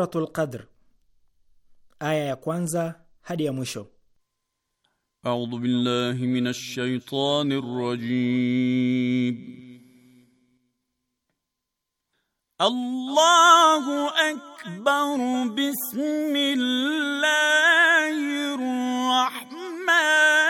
Suratul Qadr aya ya kwanza hadi ya mwisho. A'udhu billahi minash shaitanir rajim. Allahu akbar bismillahir rahmanir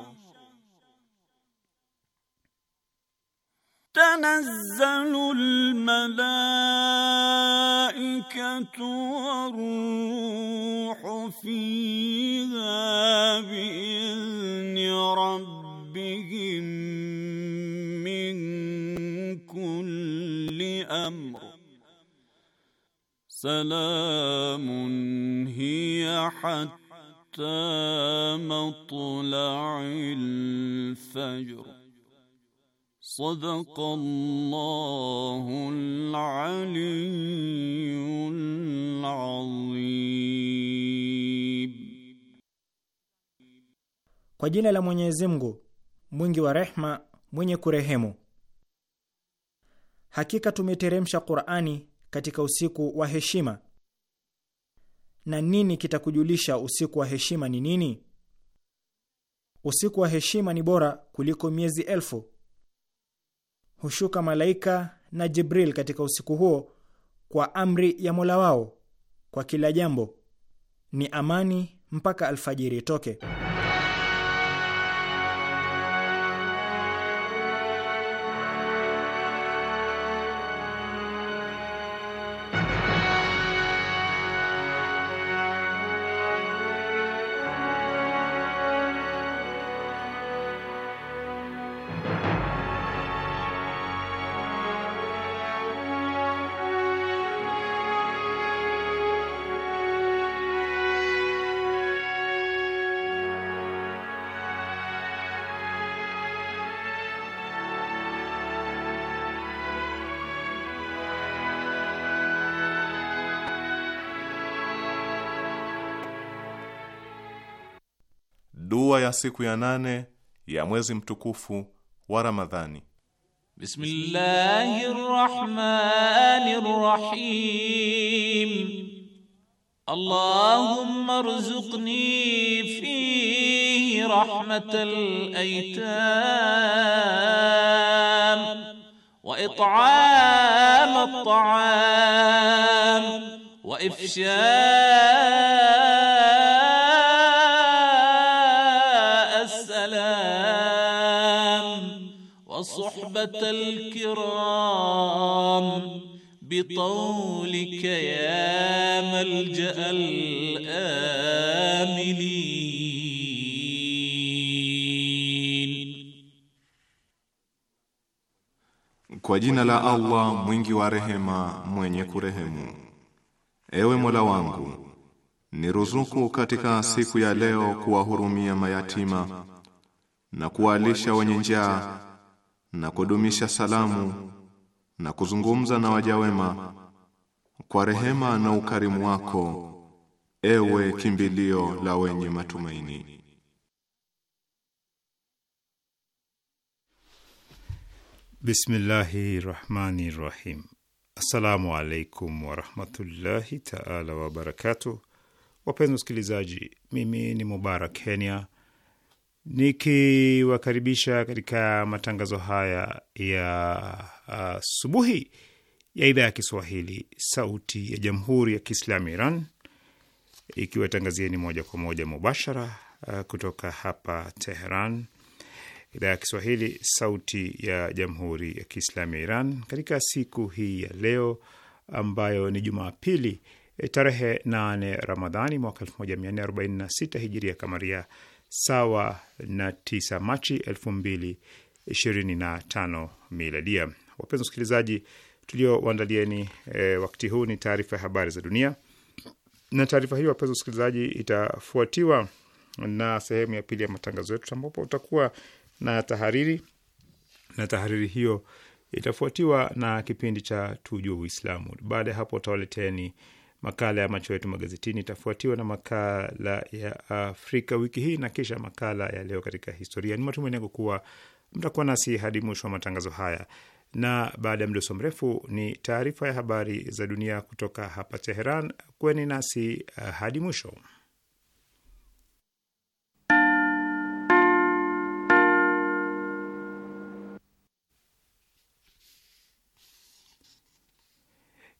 تنزل الملائكة والروح فيها بإذن ربهم من كل أمر سلام هي حتى مطلع الفجر صدق الله العلي العظيم. Kwa jina la Mwenyezi Mungu mwingi wa rehma mwenye kurehemu. Hakika tumeteremsha Qur'ani katika usiku wa heshima. Na nini kitakujulisha usiku wa heshima ni nini? Usiku wa heshima ni bora kuliko miezi elfu hushuka malaika na Jibril katika usiku huo kwa amri ya Mola wao kwa kila jambo. Ni amani mpaka alfajiri itoke. siku ya nane ya mwezi mtukufu wa Ramadhani. Bismillahir Rahmanir Rahim. Allahumma rzuqni fi rahmatil aitam wa it'am at-ta'am wa ifsha الكرام بطولك يا ملجأ الآمنين Kwa jina la Allah mwingi wa rehema mwenye kurehemu Ewe Mola wangu niruzuku katika siku ya leo kuwahurumia mayatima na kuwalisha wenye njaa na kudumisha salamu na kuzungumza na waja wema kwa rehema na ukarimu wako, ewe kimbilio la wenye matumaini. Bismillahi rahmani rahim. Assalamu alaikum warahmatullahi taala wabarakatuh. Wapenzi wasikilizaji, mimi ni Mubarak Kenya nikiwakaribisha katika matangazo haya ya asubuhi ya idhaa ya Kiswahili sauti ya jamhuri ya Kiislamu Iran ikiwatangazieni moja kwa moja mubashara uh, kutoka hapa Teheran. Idhaa ya Kiswahili sauti ya jamhuri ya Kiislamu ya Iran katika siku hii ya leo ambayo ni Jumapili eh, tarehe 8 Ramadhani mwaka 1446 hijiria kamaria sawa na 9 Machi 2025 miladia. Wapenzi wasikilizaji, tuliowaandalieni e, wakati huu ni taarifa ya habari za dunia, na taarifa hiyo wapenzi wasikilizaji, itafuatiwa na sehemu ya pili ya matangazo yetu ambapo utakuwa na tahariri, na tahariri hiyo itafuatiwa na kipindi cha tujue Uislamu. Baada ya hapo utawaleteni makala ya macho yetu magazetini, itafuatiwa na makala ya Afrika wiki hii na kisha makala ya leo katika historia. Ni matumaini yangu kuwa mtakuwa nasi hadi mwisho wa matangazo haya, na baada ya mdoso mrefu ni taarifa ya habari za dunia kutoka hapa Teheran. Kweni nasi eh, hadi mwisho.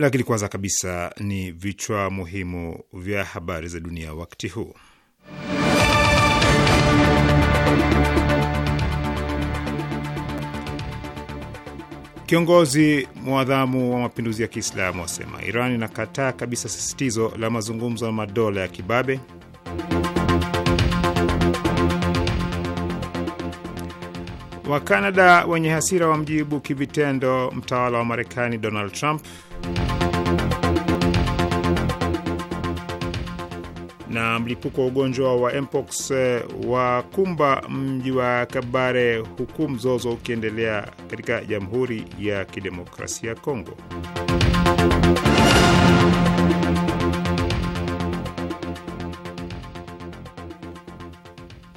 Lakini kwanza kabisa ni vichwa muhimu vya habari za dunia wakati huu. Kiongozi mwadhamu wa mapinduzi ya Kiislamu wasema Iran inakataa kabisa sisitizo la mazungumzo na madola ya kibabe. Wakanada wenye hasira wamjibu kivitendo mtawala wa Marekani Donald Trump na mlipuko wa ugonjwa wa mpox eh, wa kumba mji wa Kabare, huku mzozo ukiendelea katika Jamhuri ya Kidemokrasia ya Kongo.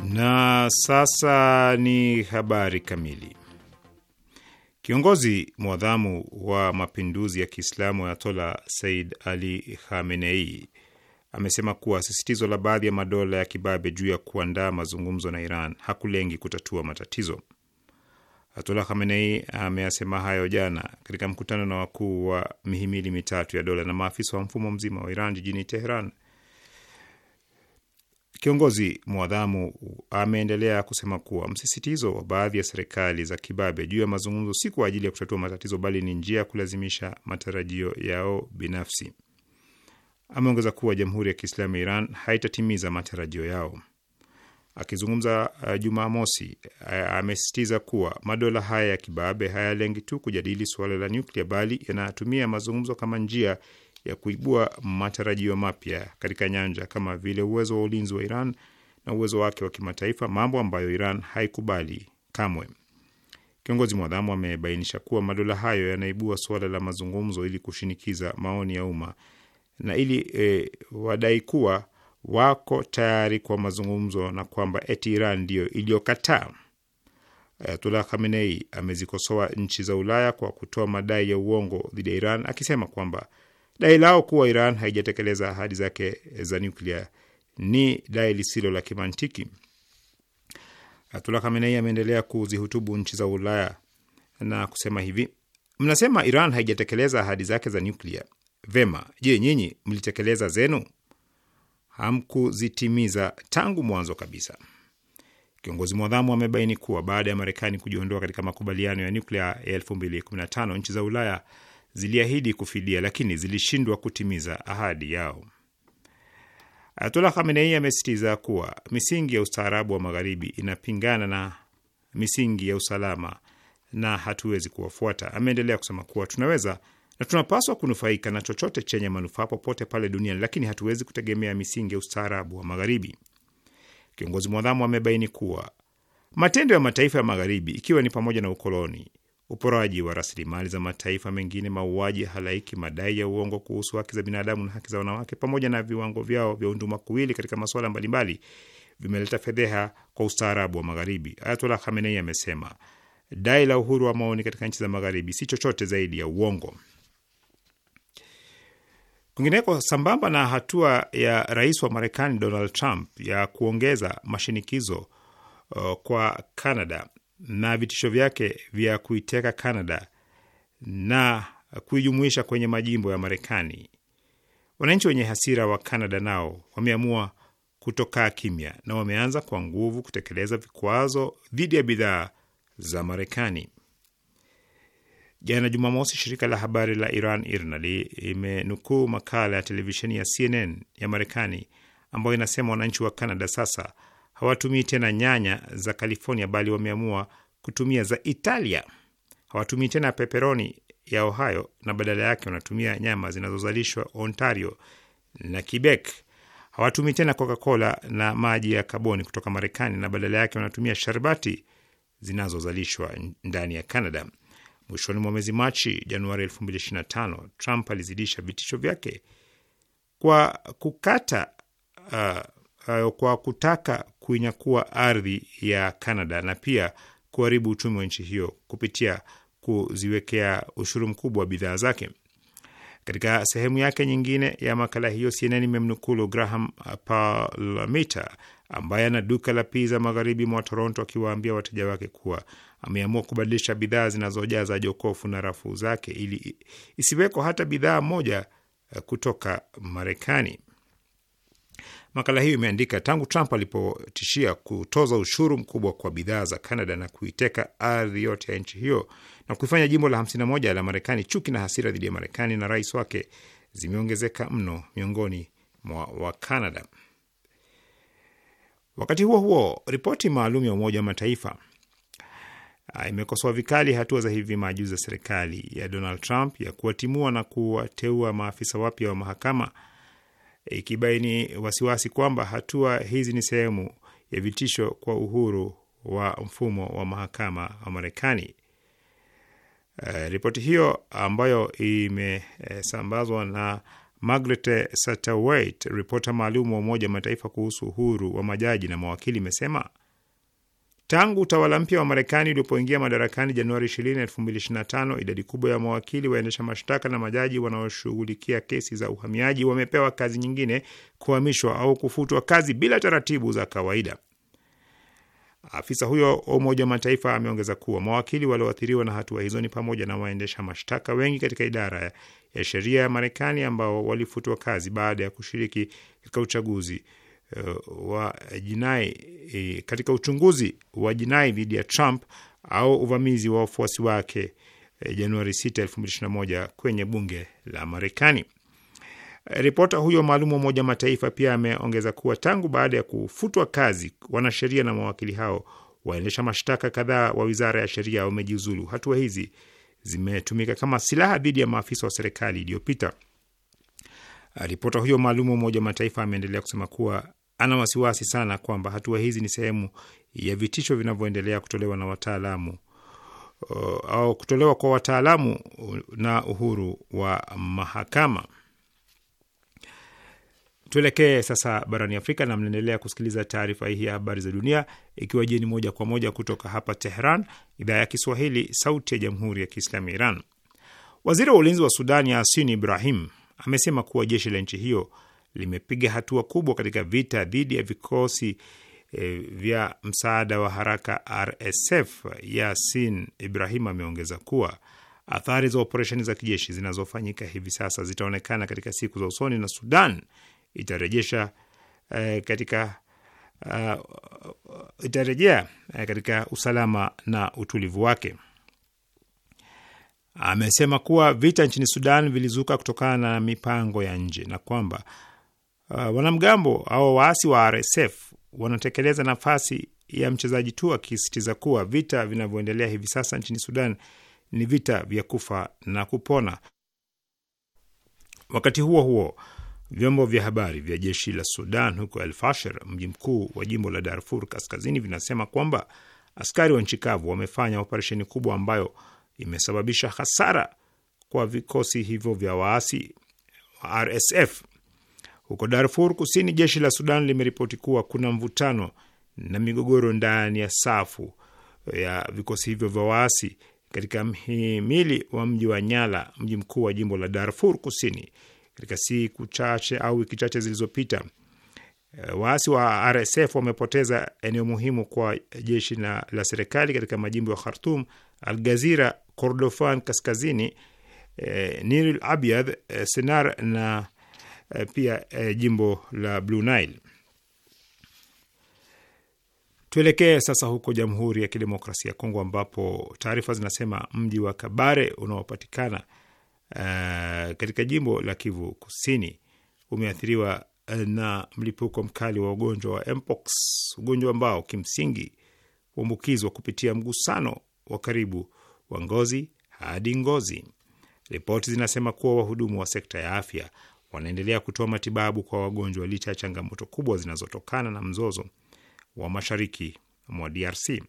Na sasa ni habari kamili. Kiongozi mwadhamu wa mapinduzi ya Kiislamu Ayatola Said Ali Khamenei amesema kuwa sisitizo la baadhi ya madola ya kibabe juu ya kuandaa mazungumzo na Iran hakulengi kutatua matatizo. Ayatola Khamenei ameyasema hayo jana katika mkutano na wakuu wa mihimili mitatu ya dola na maafisa wa mfumo mzima wa Iran jijini Teheran. Kiongozi mwadhamu ameendelea kusema kuwa msisitizo wa baadhi ya serikali za kibabe juu ya mazungumzo si kwa ajili ya kutatua matatizo, bali ni njia ya kulazimisha matarajio yao binafsi. Ameongeza kuwa Jamhuri ya Kiislamu ya Iran haitatimiza matarajio yao. Akizungumza uh, Jumamosi uh, amesisitiza kuwa madola haya ya kibabe hayalengi tu kujadili suala la nyuklia, bali yanatumia mazungumzo kama njia ya kuibua matarajio mapya katika nyanja kama vile uwezo wa ulinzi wa Iran na uwezo wake wa kimataifa, mambo ambayo Iran haikubali kamwe. Kiongozi mwadhamu amebainisha kuwa madola hayo yanaibua suala la mazungumzo ili kushinikiza maoni ya umma na ili e, wadai kuwa wako tayari kwa mazungumzo na kwamba eti Iran ndiyo iliyokataa. Ayatullah Khamenei amezikosoa nchi za Ulaya kwa kutoa madai ya uongo dhidi ya Iran akisema kwamba Dai lao kuwa Iran haijatekeleza ahadi zake za nuklia ni dai lisilo la kimantiki. Ayatullah Khamenei ameendelea kuzihutubu nchi za Ulaya na kusema hivi: mnasema Iran haijatekeleza ahadi zake za nuklia. Vema, je, nyinyi mlitekeleza zenu? Hamkuzitimiza tangu mwanzo kabisa. Kiongozi mwadhamu amebaini kuwa baada ya Marekani kujiondoa katika makubaliano ya nuklia ya 2015 nchi za Ulaya ziliahidi kufidia, lakini zilishindwa kutimiza ahadi yao. Ayatollah Khamenei amesisitiza kuwa misingi ya ustaarabu wa Magharibi inapingana na misingi ya usalama na hatuwezi kuwafuata. Ameendelea kusema kuwa tunaweza na tunapaswa kunufaika na chochote chenye manufaa popote pale duniani, lakini hatuwezi kutegemea misingi ya ustaarabu wa Magharibi. Kiongozi mwadhamu amebaini kuwa matendo ya mataifa ya Magharibi, ikiwa ni pamoja na ukoloni, uporaji wa rasilimali za mataifa mengine, mauaji halaiki, madai ya uongo kuhusu haki za binadamu na haki za wanawake, pamoja na viwango vyao vya undumakuwili katika masuala mbalimbali vimeleta fedheha kwa ustaarabu wa Magharibi. Ayatollah Khamenei amesema dai la uhuru wa maoni katika nchi za Magharibi si chochote zaidi ya uongo. Kwingineko, sambamba na hatua ya rais wa Marekani Donald Trump ya kuongeza mashinikizo uh, kwa Canada na vitisho vyake vya kuiteka Canada na kuijumuisha kwenye majimbo ya Marekani. Wananchi wenye hasira wa Canada nao wameamua kutokaa kimya na wameanza kwa nguvu kutekeleza vikwazo dhidi ya bidhaa za Marekani. Jana Jumamosi, shirika la habari la Iran IRNA limenukuu makala ya televisheni ya CNN ya Marekani ambayo inasema wananchi wa Canada sasa hawatumii tena nyanya za California bali wameamua kutumia za Italia. Hawatumii tena peperoni ya Ohio na badala yake wanatumia nyama zinazozalishwa Ontario na Quebec. Hawatumii tena Coca-Cola na maji ya kaboni kutoka Marekani na badala yake wanatumia sharbati zinazozalishwa ndani ya Canada. Mwishoni mwa mwezi Machi, Januari 2025, Trump alizidisha vitisho vyake kwa kukata uh, uh, kwa kutaka kuinyakua ardhi ya Canada na pia kuharibu uchumi wa nchi hiyo kupitia kuziwekea ushuru mkubwa wa bidhaa zake. Katika sehemu yake nyingine ya makala hiyo, CNN imemnukulu Graham Palamita ambaye ana duka la piza magharibi mwa Toronto akiwaambia wateja wake kuwa ameamua kubadilisha bidhaa zinazojaza jokofu na rafu zake ili isiweko hata bidhaa moja eh, kutoka Marekani. Makala hiyo imeandika tangu Trump alipotishia kutoza ushuru mkubwa kwa bidhaa za Canada na kuiteka ardhi yote ya nchi hiyo na kuifanya jimbo la 51 la Marekani, chuki na hasira dhidi ya Marekani na rais wake zimeongezeka mno miongoni mwa Wakanada. Wakati huo huo, ripoti maalum ya Umoja wa Mataifa ah, imekosoa vikali hatua za hivi majuzi za serikali ya Donald Trump ya kuwatimua na kuwateua maafisa wapya wa mahakama ikibaini wasiwasi kwamba hatua hizi ni sehemu ya vitisho kwa uhuru wa mfumo wa mahakama wa Marekani. E, ripoti hiyo ambayo imesambazwa na Margaret Satterwhite, ripota maalum wa Umoja wa Mataifa kuhusu uhuru wa majaji na mawakili, imesema Tangu utawala mpya wa Marekani ulipoingia madarakani Januari 20, 2025 idadi kubwa ya mawakili, waendesha mashtaka na majaji wanaoshughulikia kesi za uhamiaji wamepewa kazi nyingine, kuhamishwa au kufutwa kazi bila taratibu za kawaida. Afisa huyo wa Umoja wa Mataifa ameongeza kuwa mawakili walioathiriwa na hatua hizo ni pamoja na waendesha mashtaka wengi katika idara ya sheria ya Marekani ambao walifutwa kazi baada ya kushiriki katika uchaguzi Eh, wa jinai eh, katika uchunguzi wa jinai dhidi ya Trump au uvamizi wa wafuasi wake eh, Januari 6, 2021 kwenye bunge la Marekani. Ripota huyo maalum wa Umoja Mataifa pia ameongeza kuwa tangu baada ya kufutwa kazi wanasheria na mawakili hao waendesha mashtaka kadhaa wa wizara ya sheria wamejiuzulu. Hatua hizi zimetumika kama silaha dhidi ya maafisa wa serikali iliyopita. Ripota huyo maalum wa Umoja Mataifa ameendelea kusema kuwa ana wasiwasi sana kwamba hatua hizi ni sehemu ya vitisho vinavyoendelea kutolewa na wataalamu uh, au kutolewa kwa wataalamu na uhuru wa mahakama. Tuelekee sasa barani Afrika na mnaendelea kusikiliza taarifa hii ya habari za dunia, ikiwa jeni moja kwa moja kutoka hapa Tehran, idhaa ya Kiswahili, sauti ya jamhuri ya kiislamu ya Iran. Waziri wa ulinzi wa Sudani Yasin Ibrahim amesema kuwa jeshi la nchi hiyo limepiga hatua kubwa katika vita dhidi ya vikosi e, vya msaada wa haraka RSF. Yasin Ibrahim ameongeza kuwa athari za operesheni za kijeshi zinazofanyika hivi sasa zitaonekana katika siku za usoni na Sudan itarejesha e, katika Uh, itarejea katika usalama na utulivu wake. Amesema kuwa vita nchini Sudan vilizuka kutokana na mipango ya nje na kwamba Uh, wanamgambo au waasi wa RSF wanatekeleza nafasi ya mchezaji tu, akisisitiza kuwa vita vinavyoendelea hivi sasa nchini Sudan ni vita vya kufa na kupona. Wakati huo huo, vyombo vya habari vya jeshi la Sudan huko El Fasher, mji mkuu wa jimbo la Darfur Kaskazini, vinasema kwamba askari wa nchi kavu wamefanya operesheni kubwa ambayo imesababisha hasara kwa vikosi hivyo vya waasi wa RSF. Huko Darfur Kusini, jeshi la Sudan limeripoti kuwa kuna mvutano na migogoro ndani ya safu ya vikosi hivyo vya waasi katika mhimili wa mji wa Nyala, mji mkuu wa jimbo la Darfur Kusini. Katika siku chache au wiki chache zilizopita, eh, waasi wa RSF wamepoteza eneo muhimu kwa jeshi na la serikali katika majimbo ya Khartum, Algazira, Kordofan Kaskazini, eh, Nil Abyad, eh, Senar na Eh, pia eh, jimbo la Blue Nile. Tuelekee sasa huko Jamhuri ya Kidemokrasia ya Kongo ambapo taarifa zinasema mji wa Kabare unaopatikana uh, katika jimbo la Kivu Kusini umeathiriwa eh, na mlipuko mkali wa ugonjwa wa mpox, ugonjwa ambao kimsingi huambukizwa kupitia mgusano wa karibu wa ngozi hadi ngozi. Ripoti zinasema kuwa wahudumu wa sekta ya afya wanaendelea kutoa matibabu kwa wagonjwa licha ya changamoto kubwa zinazotokana na mzozo wa mashariki mwa DRC.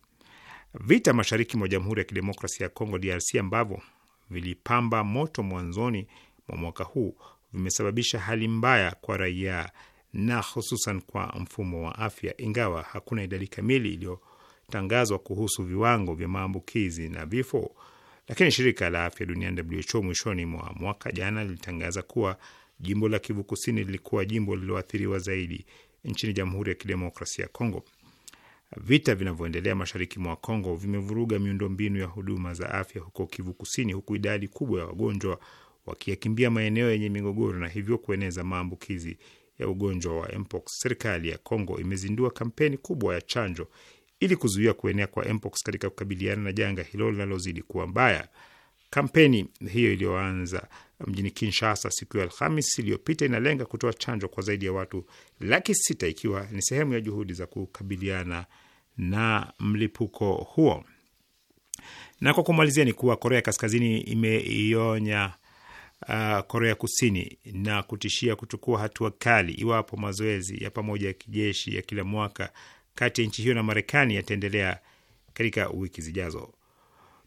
Vita mashariki mwa Jamhuri ya Kidemokrasia ya Kongo DRC ambavyo vilipamba moto mwanzoni mwa mwaka huu vimesababisha hali mbaya kwa raia na hususan kwa mfumo wa afya, ingawa hakuna idadi kamili iliyotangazwa kuhusu viwango vya maambukizi na vifo. Lakini shirika la afya duniani WHO mwishoni mwa mwaka jana lilitangaza kuwa Jimbo la Kivu Kusini lilikuwa jimbo lililoathiriwa zaidi nchini Jamhuri ya Kidemokrasia ya Kongo. Vita vinavyoendelea mashariki mwa Kongo vimevuruga miundombinu ya huduma za afya huko Kivu Kusini, huku idadi kubwa ya wagonjwa wakiyakimbia maeneo yenye migogoro na hivyo kueneza maambukizi ya ugonjwa wa mpox. Serikali ya Kongo imezindua kampeni kubwa ya chanjo ili kuzuia kuenea kwa mpox katika kukabiliana na janga hilo linalozidi kuwa mbaya. Kampeni hiyo iliyoanza mjini Kinshasa siku ya Alhamis iliyopita inalenga kutoa chanjo kwa zaidi ya watu laki sita ikiwa ni sehemu ya juhudi za kukabiliana na mlipuko huo. Na kwa kumalizia ni kuwa Korea Kaskazini imeionya uh, Korea Kusini na kutishia kuchukua hatua kali iwapo mazoezi ya pamoja ya kijeshi ya kila mwaka kati ya nchi hiyo na Marekani yataendelea katika wiki zijazo.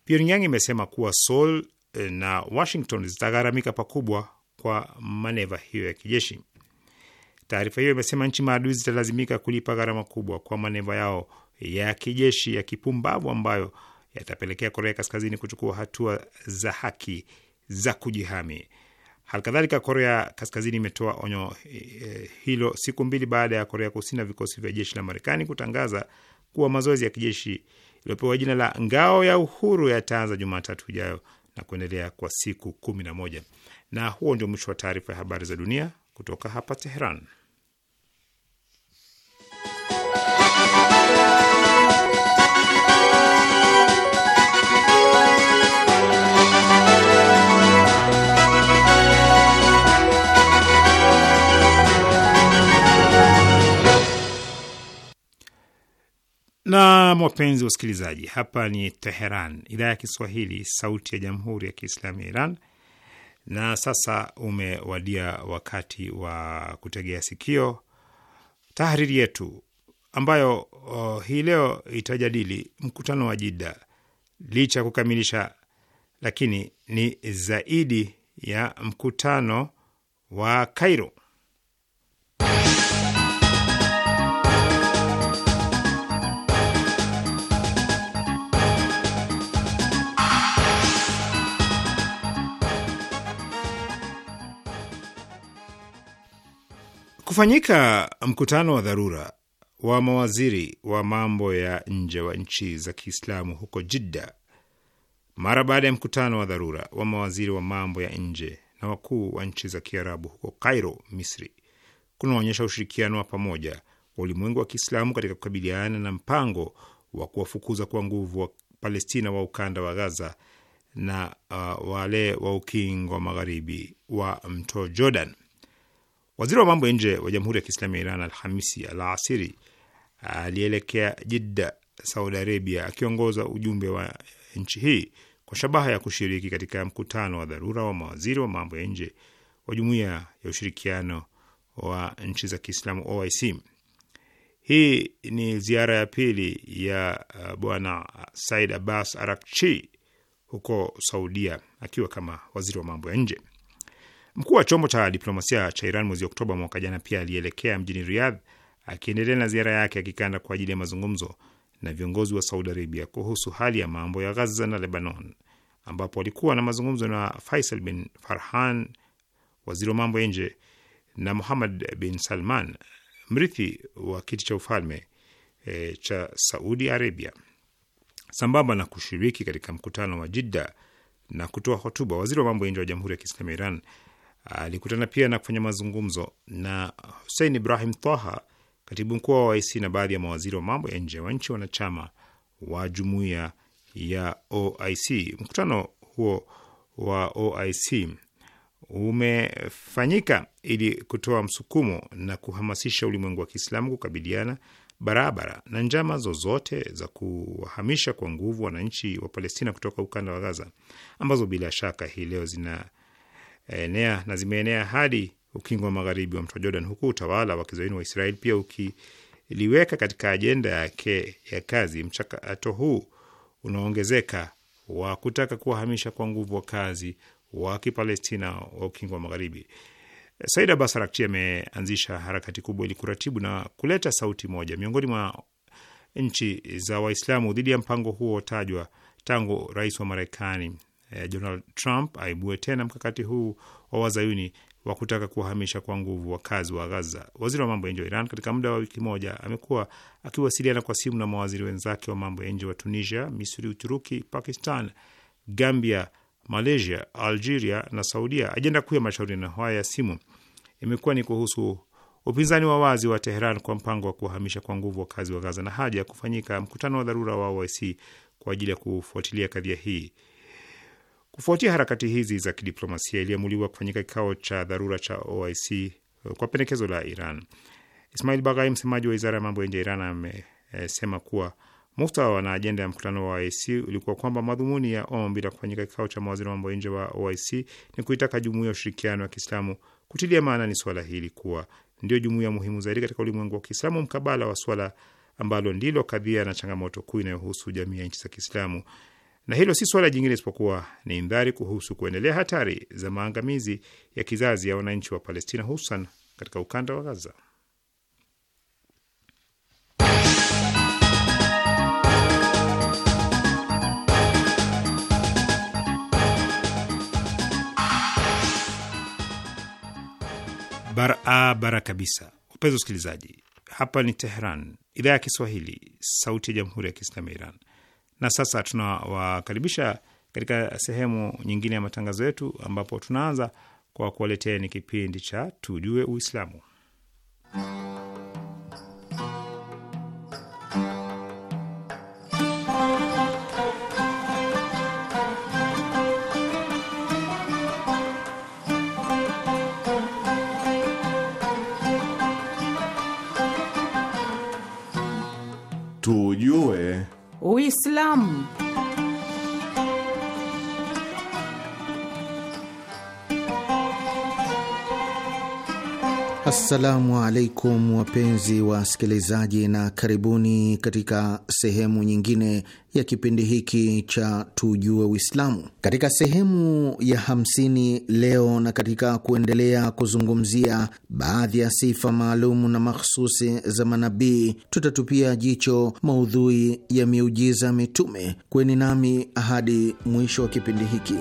Pyongyang imesema kuwa Seoul eh, na Washington zitagharamika pakubwa kwa maneva hiyo ya kijeshi. Taarifa hiyo imesema nchi maadui zitalazimika kulipa gharama kubwa kwa maneva yao ya kijeshi ya kipumbavu ambayo yatapelekea Korea Kaskazini kuchukua hatua za haki za kujihami. Halikadhalika, Korea Kaskazini imetoa onyo eh, hilo siku mbili baada ya Korea Kusini na vikosi vya jeshi la Marekani kutangaza kuwa mazoezi ya kijeshi uliopewa jina la Ngao ya Uhuru yataanza Jumatatu ijayo na kuendelea kwa siku kumi na moja. Na huo ndio mwisho wa taarifa ya habari za dunia kutoka hapa Teheran. na wapenzi usikilizaji hapa ni Teheran, idhaa ya Kiswahili, sauti ya jamhuri ya kiislamu ya Iran. Na sasa umewadia wakati wa kutegea sikio tahariri yetu ambayo oh, hii leo itajadili mkutano wa Jida licha ya kukamilisha, lakini ni zaidi ya mkutano wa Kairo. kufanyika mkutano wa dharura wa mawaziri wa mambo ya nje wa nchi za Kiislamu huko Jidda mara baada ya mkutano wa dharura wa mawaziri wa mambo ya nje na wakuu wa nchi za Kiarabu huko Cairo, Misri, kunaonyesha ushirikiano wa pamoja wa ulimwengu wa Kiislamu katika kukabiliana na mpango wa kuwafukuza kwa nguvu wa Palestina wa ukanda wa Gaza na uh, wale wa ukingo magharibi wa mto Jordan. Waziri wa mambo ya nje wa Jamhuri ya Kiislamu ya Iran Alhamisi al asiri alielekea Jidda, Saudi Arabia, akiongoza ujumbe wa nchi hii kwa shabaha ya kushiriki katika mkutano wa dharura wa mawaziri wa mambo ya nje wa Jumuiya ya Ushirikiano wa Nchi za Kiislamu, OIC. Hii ni ziara ya pili ya uh, Bwana Said Abbas Arakchi huko Saudia akiwa kama waziri wa mambo ya nje. Mkuu wa chombo cha diplomasia cha Iran mwezi Oktoba mwaka jana pia alielekea mjini Riyadh akiendelea na ziara yake ya kikanda kwa ajili ya mazungumzo na viongozi wa Saudi Arabia kuhusu hali ya mambo ya Ghaza na Lebanon, ambapo alikuwa na mazungumzo na Faisal bin Farhan, waziri wa mambo ya nje, na Muhammad bin Salman, mrithi wa kiti cha ufalme e, cha Saudi Arabia. Sambamba na kushiriki katika mkutano wa Jidda na kutoa hotuba, waziri wa mambo ya nje wa Jamhuri ya Kiislamu ya Iran alikutana pia na kufanya mazungumzo na Hussein Ibrahim Taha, katibu mkuu wa OIC na baadhi ya mawaziri wa mambo ya nje wa nchi wanachama wa jumuiya ya OIC. Mkutano huo wa OIC umefanyika ili kutoa msukumo na kuhamasisha ulimwengu wa Kiislamu kukabiliana barabara na njama zozote za kuwahamisha kwa nguvu wananchi wa Palestina kutoka ukanda wa Gaza ambazo bila shaka hii leo zina enea na zimeenea hadi ukingo wa magharibi wa mto Jordan, huku utawala wa kizayuni wa Israel pia ukiliweka katika ajenda yake ya kazi mchakato huu unaongezeka wa kutaka kuwahamisha kwa nguvu wakazi wa Kipalestina wa ukingo wa magharibi. Said Abbas Arakchi ameanzisha harakati kubwa ili kuratibu na kuleta sauti moja miongoni mwa nchi za Waislamu dhidi ya mpango huo tajwa tangu rais wa Marekani eh, Donald Trump aibue tena mkakati huu wa wazayuni wa kutaka kuwahamisha kwa nguvu wakazi wa Gaza. Waziri wa mambo ya nje wa Iran katika muda wa wiki moja amekuwa akiwasiliana kwa simu na mawaziri wenzake wa mambo ya nje wa Tunisia, Misri, Uturuki, Pakistan, Gambia, Malaysia, Algeria na Saudia. Ajenda kuu ya mashauriano haya ya simu imekuwa ni kuhusu upinzani wa wazi wa Teheran kwa mpango wa kuwahamisha kwa nguvu wakazi wa Gaza na haja ya kufanyika mkutano wa dharura wa OIC kwa ajili ya kufuatilia kadhia hii. Kufuatia harakati hizi za kidiplomasia, iliamuliwa kufanyika kikao cha dharura cha OIC uh, kwa pendekezo la Iran. Ismail Baghai, msemaji wa wizara ya mambo ya nje ya Iran, amesema kuwa muhtawa na ajenda ya mkutano wa OIC ulikuwa kwamba madhumuni ya ombi la kufanyika kikao cha mawaziri wa mambo ya nje wa OIC ni kuitaka jumuiya ya ushirikiano wa Kiislamu kutilia maana ni suala hili kuwa ndio jumuiya muhimu zaidi katika ulimwengu wa Kiislamu mkabala wa swala ambalo ndilo kadhia na changamoto kuu inayohusu jamii ya nchi za Kiislamu na hilo si suala jingine isipokuwa ni indhari kuhusu kuendelea hatari za maangamizi ya kizazi ya wananchi wa Palestina, hususan katika ukanda wa Gaza. Barabara kabisa, wapenzi wasikilizaji, hapa ni Tehran, idhaa ya Kiswahili, sauti ya jamhuri ya kiislamu ya Iran. Na sasa tunawakaribisha katika sehemu nyingine ya matangazo yetu ambapo tunaanza kwa kuwaletea ni kipindi cha Tujue Uislamu. Tujue Uislamu. Assalamu alaikum wapenzi wasikilizaji, na karibuni katika sehemu nyingine ya kipindi hiki cha tujue Uislamu. Katika sehemu ya hamsini leo, na katika kuendelea kuzungumzia baadhi ya sifa maalum na makhususi za manabii, tutatupia jicho maudhui ya miujiza mitume. Kweni nami hadi mwisho wa kipindi hiki.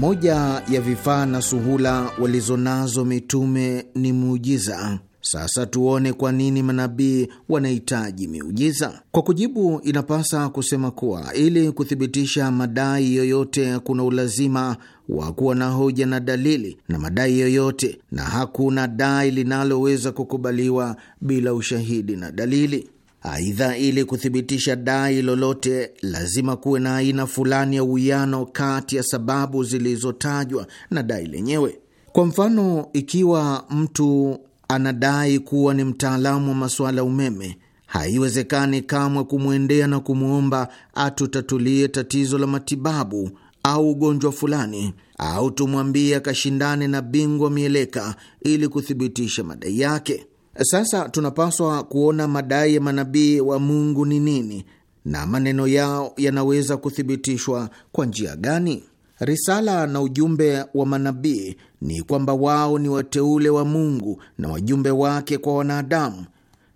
Moja ya vifaa na suhula walizonazo mitume ni muujiza. Sasa tuone kwa nini manabii wanahitaji miujiza. Kwa kujibu, inapasa kusema kuwa ili kuthibitisha madai yoyote kuna ulazima wa kuwa na hoja na dalili na madai yoyote, na hakuna dai linaloweza kukubaliwa bila ushahidi na dalili. Aidha, ili kuthibitisha dai lolote lazima kuwe na aina fulani ya uwiano kati ya sababu zilizotajwa na dai lenyewe. Kwa mfano, ikiwa mtu anadai kuwa ni mtaalamu wa masuala ya umeme, haiwezekani kamwe kumwendea na kumwomba atutatulie tatizo la matibabu au ugonjwa fulani au tumwambie akashindane na bingwa mieleka ili kuthibitisha madai yake. Sasa tunapaswa kuona madai ya manabii wa Mungu ni nini na maneno yao yanaweza kuthibitishwa kwa njia gani? Risala na ujumbe wa manabii ni kwamba wao ni wateule wa Mungu na wajumbe wake kwa wanadamu,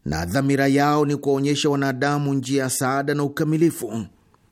na dhamira yao ni kuwaonyesha wanadamu njia ya saada na ukamilifu.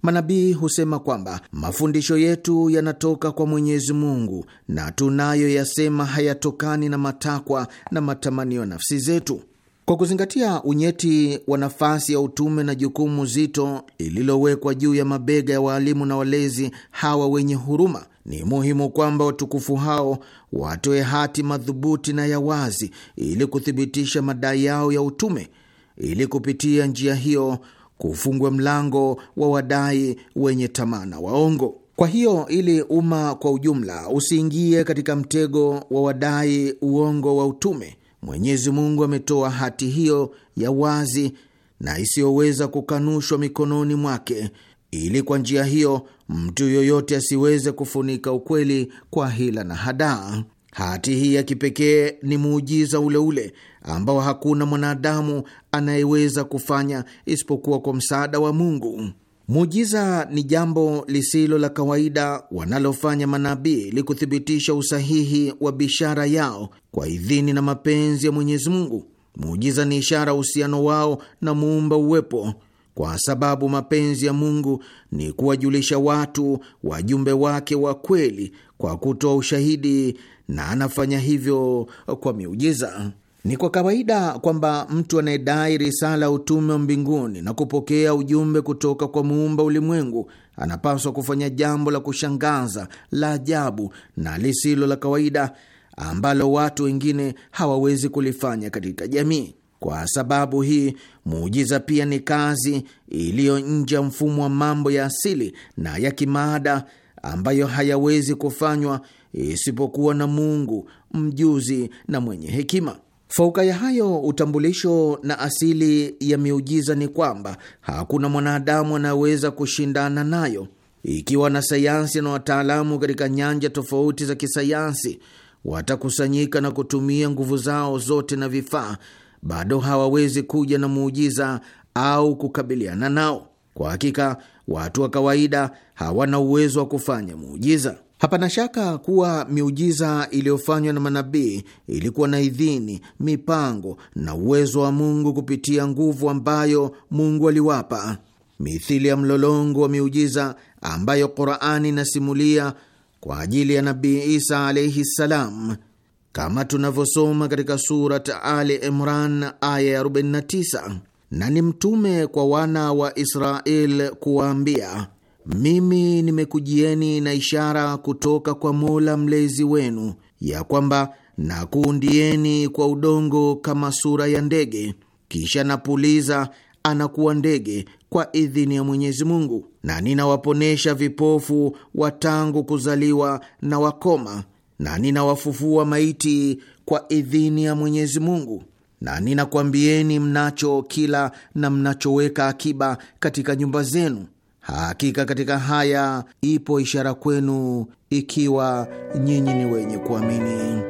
Manabii husema kwamba mafundisho yetu yanatoka kwa Mwenyezi Mungu na tunayoyasema hayatokani na matakwa na matamanio nafsi zetu. Kwa kuzingatia unyeti wa nafasi ya utume na jukumu zito lililowekwa juu ya mabega ya waalimu na walezi hawa wenye huruma, ni muhimu kwamba watukufu hao watoe hati madhubuti na ya wazi ili kuthibitisha madai yao ya utume, ili kupitia njia hiyo kufungwe mlango wa wadai wenye tamana waongo. Kwa hiyo ili umma kwa ujumla usiingie katika mtego wa wadai uongo wa utume, Mwenyezi Mungu ametoa hati hiyo ya wazi na isiyoweza kukanushwa mikononi mwake, ili kwa njia hiyo mtu yoyote asiweze kufunika ukweli kwa hila na hadaa. Hati hii ya kipekee ni muujiza uleule ambao hakuna mwanadamu anayeweza kufanya isipokuwa kwa msaada wa Mungu. Muujiza ni jambo lisilo la kawaida wanalofanya manabii ili kuthibitisha usahihi wa bishara yao kwa idhini na mapenzi ya Mwenyezi Mungu. Muujiza ni ishara uhusiano wao na muumba uwepo, kwa sababu mapenzi ya Mungu ni kuwajulisha watu wajumbe wake wa kweli kwa kutoa ushahidi, na anafanya hivyo kwa miujiza. Ni kwa kawaida kwamba mtu anayedai risala ya utume wa mbinguni na kupokea ujumbe kutoka kwa muumba ulimwengu anapaswa kufanya jambo la kushangaza, la ajabu na lisilo la kawaida ambalo watu wengine hawawezi kulifanya katika jamii. Kwa sababu hii, muujiza pia ni kazi iliyo nje ya mfumo wa mambo ya asili na ya kimaada ambayo hayawezi kufanywa isipokuwa na Mungu mjuzi na mwenye hekima. Fauka ya hayo, utambulisho na asili ya miujiza ni kwamba hakuna mwanadamu anayeweza kushindana nayo. Ikiwa na sayansi na wataalamu katika nyanja tofauti za kisayansi watakusanyika na kutumia nguvu zao zote na vifaa, bado hawawezi kuja na muujiza au kukabiliana nao. Kwa hakika watu wa kawaida hawana uwezo wa kufanya muujiza. Hapana shaka kuwa miujiza iliyofanywa na manabii ilikuwa na idhini, mipango na uwezo wa Mungu kupitia nguvu ambayo Mungu aliwapa, mithili ya mlolongo wa miujiza ambayo Qurani inasimulia kwa ajili ya Nabii Isa alaihi ssalam, kama tunavyosoma katika Surat Ali Imran aya ya 49, na ni mtume kwa wana wa Israel kuwaambia mimi nimekujieni na ishara kutoka kwa Mola mlezi wenu ya kwamba nakuundieni kwa udongo kama sura ya ndege, kisha napuliza, anakuwa ndege kwa idhini ya Mwenyezi Mungu, na ninawaponesha vipofu watangu kuzaliwa na wakoma, na ninawafufua maiti kwa idhini ya Mwenyezi Mungu, na ninakwambieni mnacho kila na mnachoweka akiba katika nyumba zenu Hakika katika haya ipo ishara kwenu, ikiwa nyinyi ni wenye kuamini.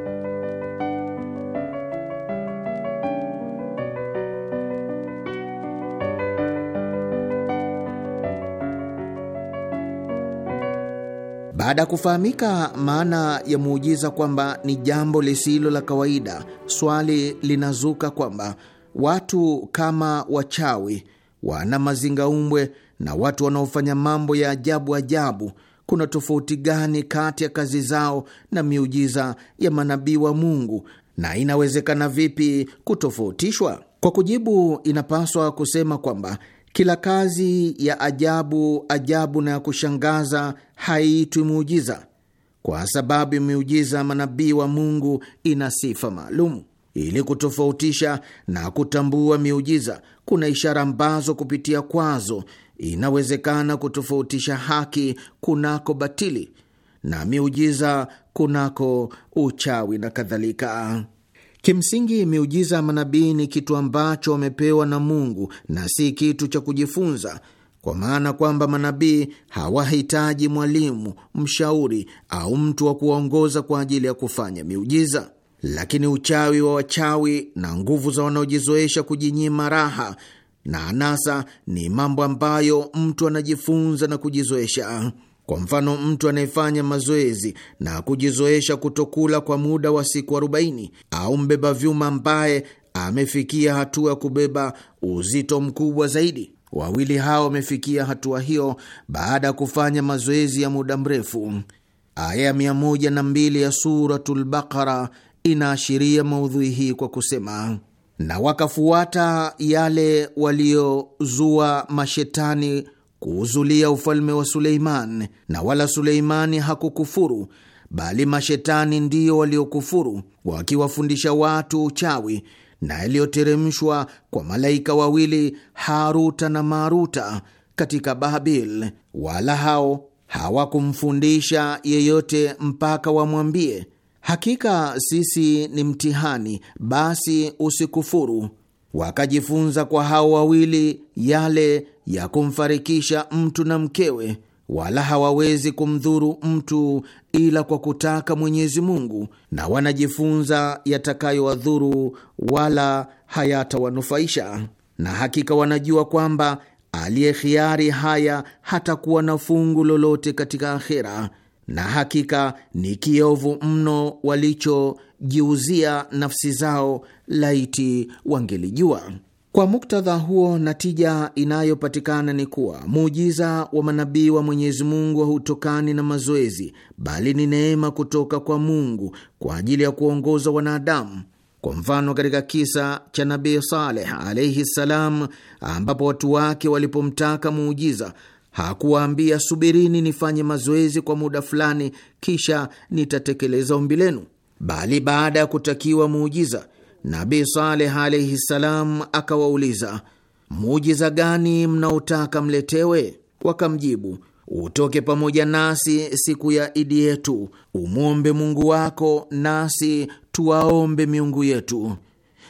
Baada ya kufahamika maana ya muujiza kwamba ni jambo lisilo la kawaida, swali linazuka kwamba watu kama wachawi, wana mazinga umbwe na watu wanaofanya mambo ya ajabu ajabu, kuna tofauti gani kati ya kazi zao na miujiza ya manabii wa Mungu na inawezekana vipi kutofautishwa? Kwa kujibu, inapaswa kusema kwamba kila kazi ya ajabu ajabu na ya kushangaza haiitwi muujiza, kwa sababu miujiza ya manabii wa Mungu ina sifa maalum. Ili kutofautisha na kutambua miujiza, kuna ishara ambazo kupitia kwazo inawezekana kutofautisha haki kunako batili na miujiza kunako uchawi na kadhalika. Kimsingi, miujiza ya manabii ni kitu ambacho wamepewa na Mungu na si kitu cha kujifunza, kwa maana kwamba manabii hawahitaji mwalimu, mshauri au mtu wa kuwaongoza kwa ajili ya kufanya miujiza. Lakini uchawi wa wachawi na nguvu za wanaojizoesha kujinyima raha na anasa ni mambo ambayo mtu anajifunza na kujizoesha. Kwa mfano, mtu anayefanya mazoezi na kujizoesha kutokula kwa muda wa siku 40 au mbeba vyuma ambaye amefikia hatua ya kubeba uzito mkubwa zaidi. Wawili hao wamefikia hatua hiyo baada ya kufanya mazoezi ya muda mrefu. Aya mbili ya Suratul Baqara inaashiria maudhui hii kwa kusema na wakafuata yale waliozua mashetani kuuzulia ufalme wa Suleiman, na wala Suleimani hakukufuru, bali mashetani ndiyo waliokufuru, wakiwafundisha watu uchawi na yaliyoteremshwa kwa malaika wawili Haruta na Maruta katika Babil, wala hao hawakumfundisha yeyote mpaka wamwambie hakika sisi ni mtihani, basi usikufuru. Wakajifunza kwa hao wawili yale ya kumfarikisha mtu na mkewe, wala hawawezi kumdhuru mtu ila kwa kutaka Mwenyezi Mungu, na wanajifunza yatakayowadhuru wala hayatawanufaisha, na hakika wanajua kwamba aliyehiari haya hatakuwa na fungu lolote katika akhera na hakika ni kiovu mno walichojiuzia nafsi zao, laiti wangelijua. Kwa muktadha huo, natija inayopatikana ni kuwa muujiza wa manabii wa Mwenyezi Mungu hautokani na mazoezi, bali ni neema kutoka kwa Mungu kwa ajili ya kuongoza wanadamu. Kwa mfano, katika kisa cha Nabii Saleh alaihi ssalam, ambapo watu wake walipomtaka muujiza Hakuwaambia subirini nifanye mazoezi kwa muda fulani, kisha nitatekeleza ombi lenu, bali baada ya kutakiwa muujiza, Nabii Saleh alaihi ssalam akawauliza, muujiza gani mnaotaka mletewe? Wakamjibu, utoke pamoja nasi siku ya Idi yetu, umwombe Mungu wako, nasi tuwaombe miungu yetu.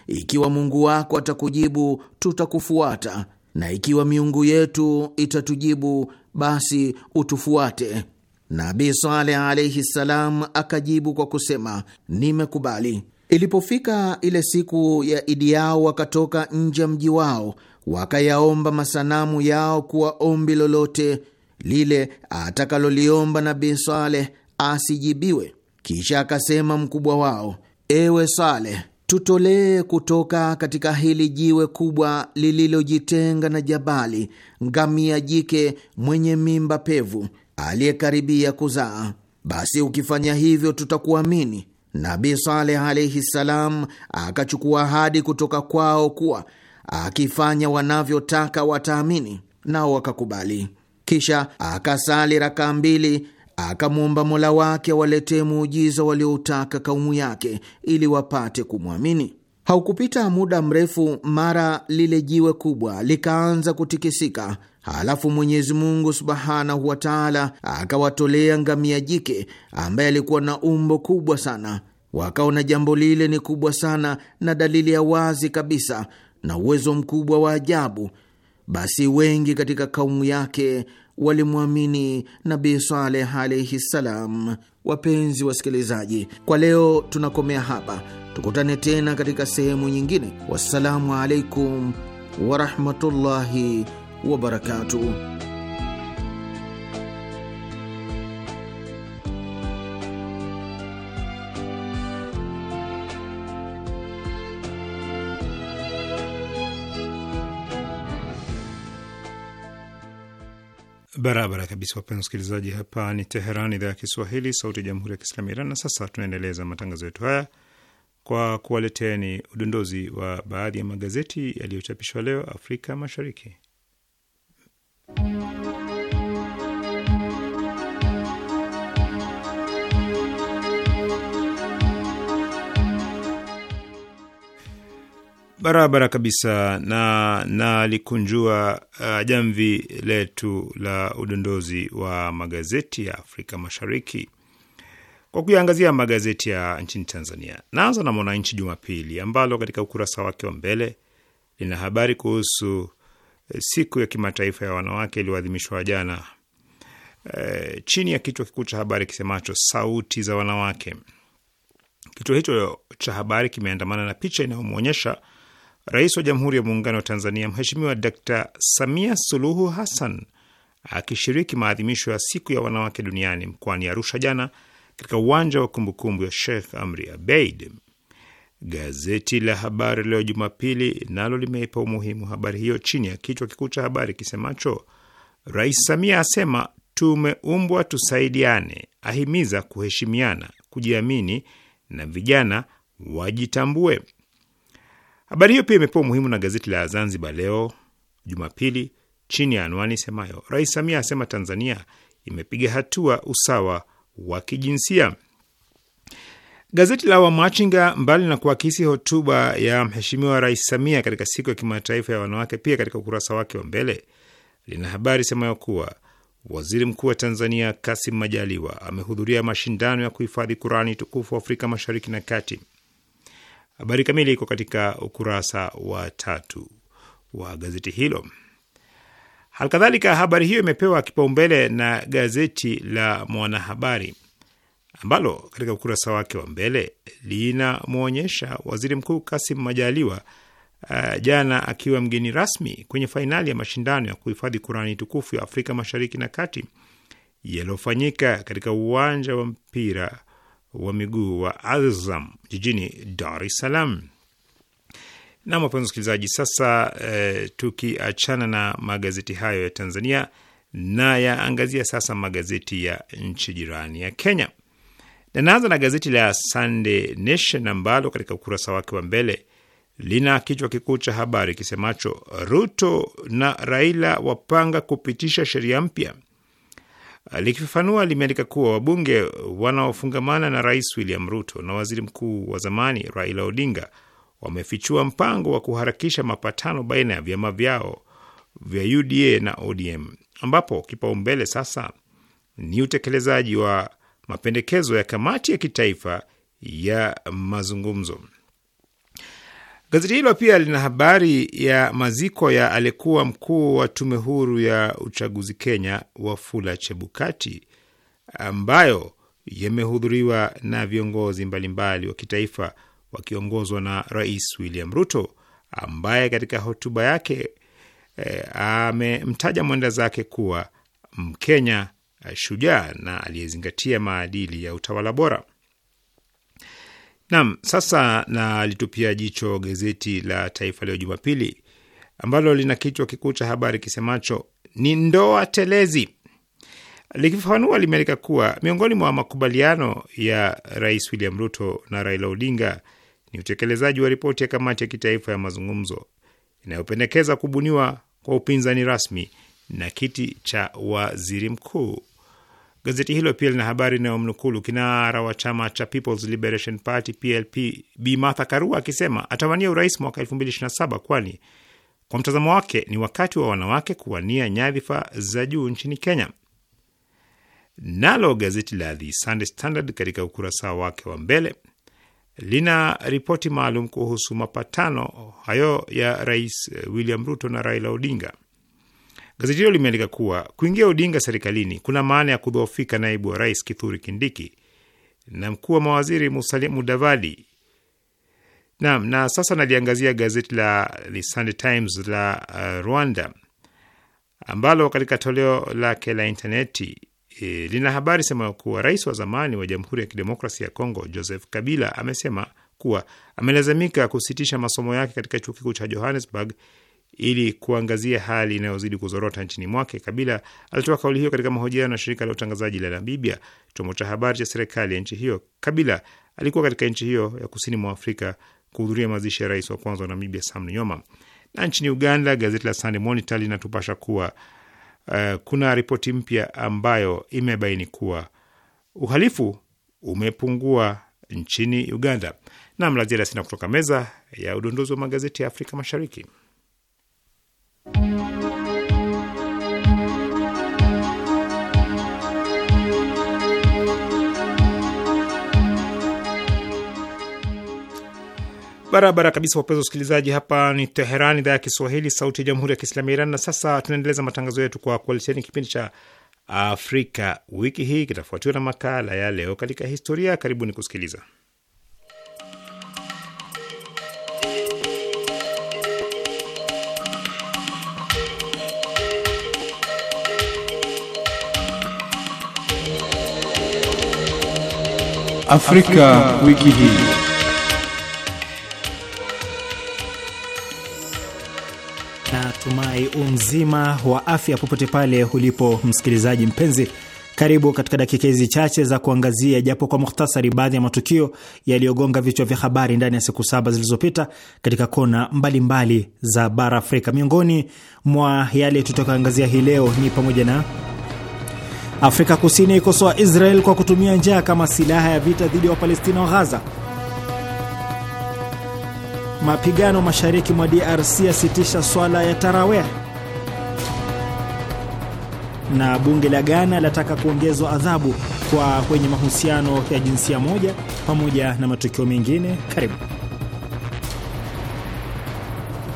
Ikiwa Mungu wako atakujibu, tutakufuata na ikiwa miungu yetu itatujibu basi utufuate. nabi Saleh alaihi ssalam akajibu kwa kusema nimekubali. Ilipofika ile siku ya Idi yao, wakatoka nje ya mji wao, wakayaomba masanamu yao kuwa ombi lolote lile atakaloliomba Nabii Saleh asijibiwe. Kisha akasema mkubwa wao, ewe Saleh, tutolee kutoka katika hili jiwe kubwa lililojitenga na jabali ngamia jike mwenye mimba pevu aliyekaribia kuzaa. Basi ukifanya hivyo tutakuamini. Nabi Saleh alaihi ssalam akachukua ahadi kutoka kwao kuwa akifanya wanavyotaka wataamini, nao wakakubali. Kisha akasali rakaa mbili akamwomba Mola wake awaletee muujiza walioutaka kaumu yake ili wapate kumwamini. Haukupita muda mrefu, mara lile jiwe kubwa likaanza kutikisika. Halafu Mwenyezi Mungu subhanahu wa taala akawatolea ngamia jike ambaye alikuwa na umbo kubwa sana. Wakaona jambo lile ni kubwa sana na dalili ya wazi kabisa na uwezo mkubwa wa ajabu. Basi wengi katika kaumu yake walimwamini Nabii Saleh alaihi ssalam. Wapenzi wasikilizaji, kwa leo tunakomea hapa, tukutane tena katika sehemu nyingine. Wassalamu alaikum warahmatullahi wabarakatuh. barabara kabisa, wapenzi wasikilizaji. Hapa ni Teheran, idhaa ya Kiswahili, sauti ya jamhuri ya kiislamu ya Iran. Na sasa tunaendeleza matangazo yetu haya kwa kuwaleteni udondozi wa baadhi ya magazeti yaliyochapishwa leo Afrika Mashariki. barabara kabisa, na nalikunjua uh, jamvi letu la udondozi wa magazeti ya Afrika Mashariki kwa kuyaangazia magazeti ya nchini Tanzania. Naanza na Mwananchi Jumapili ambalo katika ukurasa wake wa mbele lina habari kuhusu eh, siku ya kimataifa ya wanawake iliyoadhimishwa jana, e, chini ya kichwa kikuu cha habari kisemacho sauti za wanawake. Kichwa hicho cha habari kimeandamana na picha inayomwonyesha Rais wa Jamhuri ya Muungano wa Tanzania Mheshimiwa d Samia Suluhu Hassan akishiriki maadhimisho ya siku ya wanawake duniani mkoani Arusha jana katika uwanja wa kumbukumbu ya Sheikh Amri Abeid. Gazeti la Habari Leo Jumapili nalo limeipa umuhimu habari hiyo chini ya kichwa kikuu cha habari kisemacho Rais Samia asema tumeumbwa tusaidiane, ahimiza kuheshimiana, kujiamini na vijana wajitambue. Habari hiyo pia imepewa umuhimu na gazeti la Zanzibar Leo Jumapili chini ya anwani semayo, Rais Samia asema Tanzania imepiga hatua usawa wa kijinsia. Gazeti la Wamachinga, mbali na kuakisi hotuba ya Mheshimiwa Rais Samia katika siku ya kimataifa ya wanawake, pia katika ukurasa wake wa mbele lina habari semayo kuwa Waziri Mkuu wa Tanzania Kasim Majaliwa amehudhuria mashindano ya kuhifadhi Kurani tukufu Afrika Mashariki na Kati. Habari kamili iko katika ukurasa wa tatu wa gazeti hilo. Halikadhalika, habari hiyo imepewa kipaumbele na gazeti la Mwanahabari ambalo katika ukurasa wake wa mbele linamwonyesha Waziri Mkuu Kasim Majaliwa uh, jana akiwa mgeni rasmi kwenye fainali ya mashindano ya kuhifadhi Kurani tukufu ya Afrika Mashariki na Kati yaliyofanyika katika uwanja wa mpira wa miguu wa Azam jijini Dar es Salaam. Na wapenzi wasikilizaji, sasa e, tukiachana na magazeti hayo ya Tanzania na yaangazia sasa magazeti ya nchi jirani ya Kenya, na naanza na gazeti la Sunday Nation ambalo katika ukurasa wake wa mbele lina kichwa kikuu cha habari kisemacho Ruto na Raila wapanga kupitisha sheria mpya Uh, likifafanua, limeandika kuwa wabunge wanaofungamana na Rais William Ruto na waziri mkuu wa zamani Raila Odinga wamefichua mpango wa kuharakisha mapatano baina ya vyama vyao vya UDA na ODM ambapo kipaumbele sasa ni utekelezaji wa mapendekezo ya kamati ya kitaifa ya mazungumzo. Gazeti hilo pia lina habari ya maziko ya aliyekuwa mkuu wa tume huru ya uchaguzi Kenya, Wafula Chebukati, ambayo yamehudhuriwa na viongozi mbalimbali wa kitaifa wakiongozwa na Rais William Ruto ambaye katika hotuba yake e, amemtaja mwenda zake kuwa Mkenya eh, shujaa na aliyezingatia maadili ya utawala bora. Naam, sasa nalitupia jicho gazeti la Taifa Leo Jumapili ambalo lina kichwa kikuu cha habari kisemacho ni ndoa telezi. Likifafanua, limeandika kuwa miongoni mwa makubaliano ya Rais William Ruto na Raila Odinga ni utekelezaji wa ripoti ya kamati ya kitaifa ya mazungumzo inayopendekeza kubuniwa kwa upinzani rasmi na kiti cha waziri mkuu. Gazeti hilo pia lina habari inayomnukulu kinara wa chama cha People's Liberation Party PLP Bi Martha Karua akisema atawania urais mwaka 2027 kwani kwa mtazamo wake ni wakati wa wanawake kuwania nyadhifa za juu nchini Kenya. Nalo gazeti la The Sunday Standard katika ukurasa wake wa mbele lina ripoti maalum kuhusu mapatano hayo ya Rais William Ruto na Raila Odinga. Gazeti hilo limeandika kuwa kuingia Odinga serikalini kuna maana ya kudhoofika naibu wa rais Kithuri Kindiki na mkuu wa mawaziri Musalia Mudavadi. Naam, na sasa naliangazia gazeti la The Sunday Times la uh, Rwanda ambalo katika toleo lake la intaneti e, lina habari sema kuwa rais wa zamani wa Jamhuri ya Kidemokrasia ya Kongo Joseph Kabila amesema kuwa amelazimika kusitisha masomo yake katika chuo kikuu cha Johannesburg ili kuangazia hali inayozidi kuzorota nchini mwake. Kabila alitoa kauli hiyo katika mahojiano na shirika la utangazaji la Namibia, chombo cha habari cha serikali ya nchi hiyo. Kabila alikuwa katika nchi hiyo ya kusini mwa Afrika kuhudhuria mazishi ya rais wa kwanza wa Namibia, Sam Nujoma. Na nchini Uganda, gazeti la Sunday Monitor linatupasha kuwa uh, kuna ripoti mpya ambayo imebaini kuwa uhalifu umepungua nchini Uganda. Nam lazia sina kutoka meza ya udondozi wa magazeti ya Afrika Mashariki. Barabara kabisa, wapenzi wasikilizaji, hapa ni Teheran, idhaa ya Kiswahili, sauti ya jamhuri ya kiislamu ya Iran. Na sasa tunaendeleza matangazo yetu kwa kualisheni kipindi cha Afrika wiki hii, kitafuatiwa na makala ya leo katika historia. Karibuni kusikiliza. Afrika, Afrika wiki hii. Natumai umzima wa afya popote pale ulipo msikilizaji mpenzi. Karibu katika dakika hizi chache za kuangazia japo kwa muhtasari baadhi ya matukio yaliyogonga vichwa vya habari ndani ya siku saba zilizopita katika kona mbalimbali mbali za bara Afrika. Miongoni mwa yale tutakaangazia hii leo ni pamoja na Afrika Kusini ikosoa Israel kwa kutumia njaa kama silaha ya vita dhidi ya Wapalestina wa ghaza Mapigano mashariki mwa DRC yasitisha swala ya taraweh, na bunge la Ghana lataka kuongezwa adhabu kwa kwenye mahusiano ya jinsia moja, pamoja na matukio mengine. Karibu.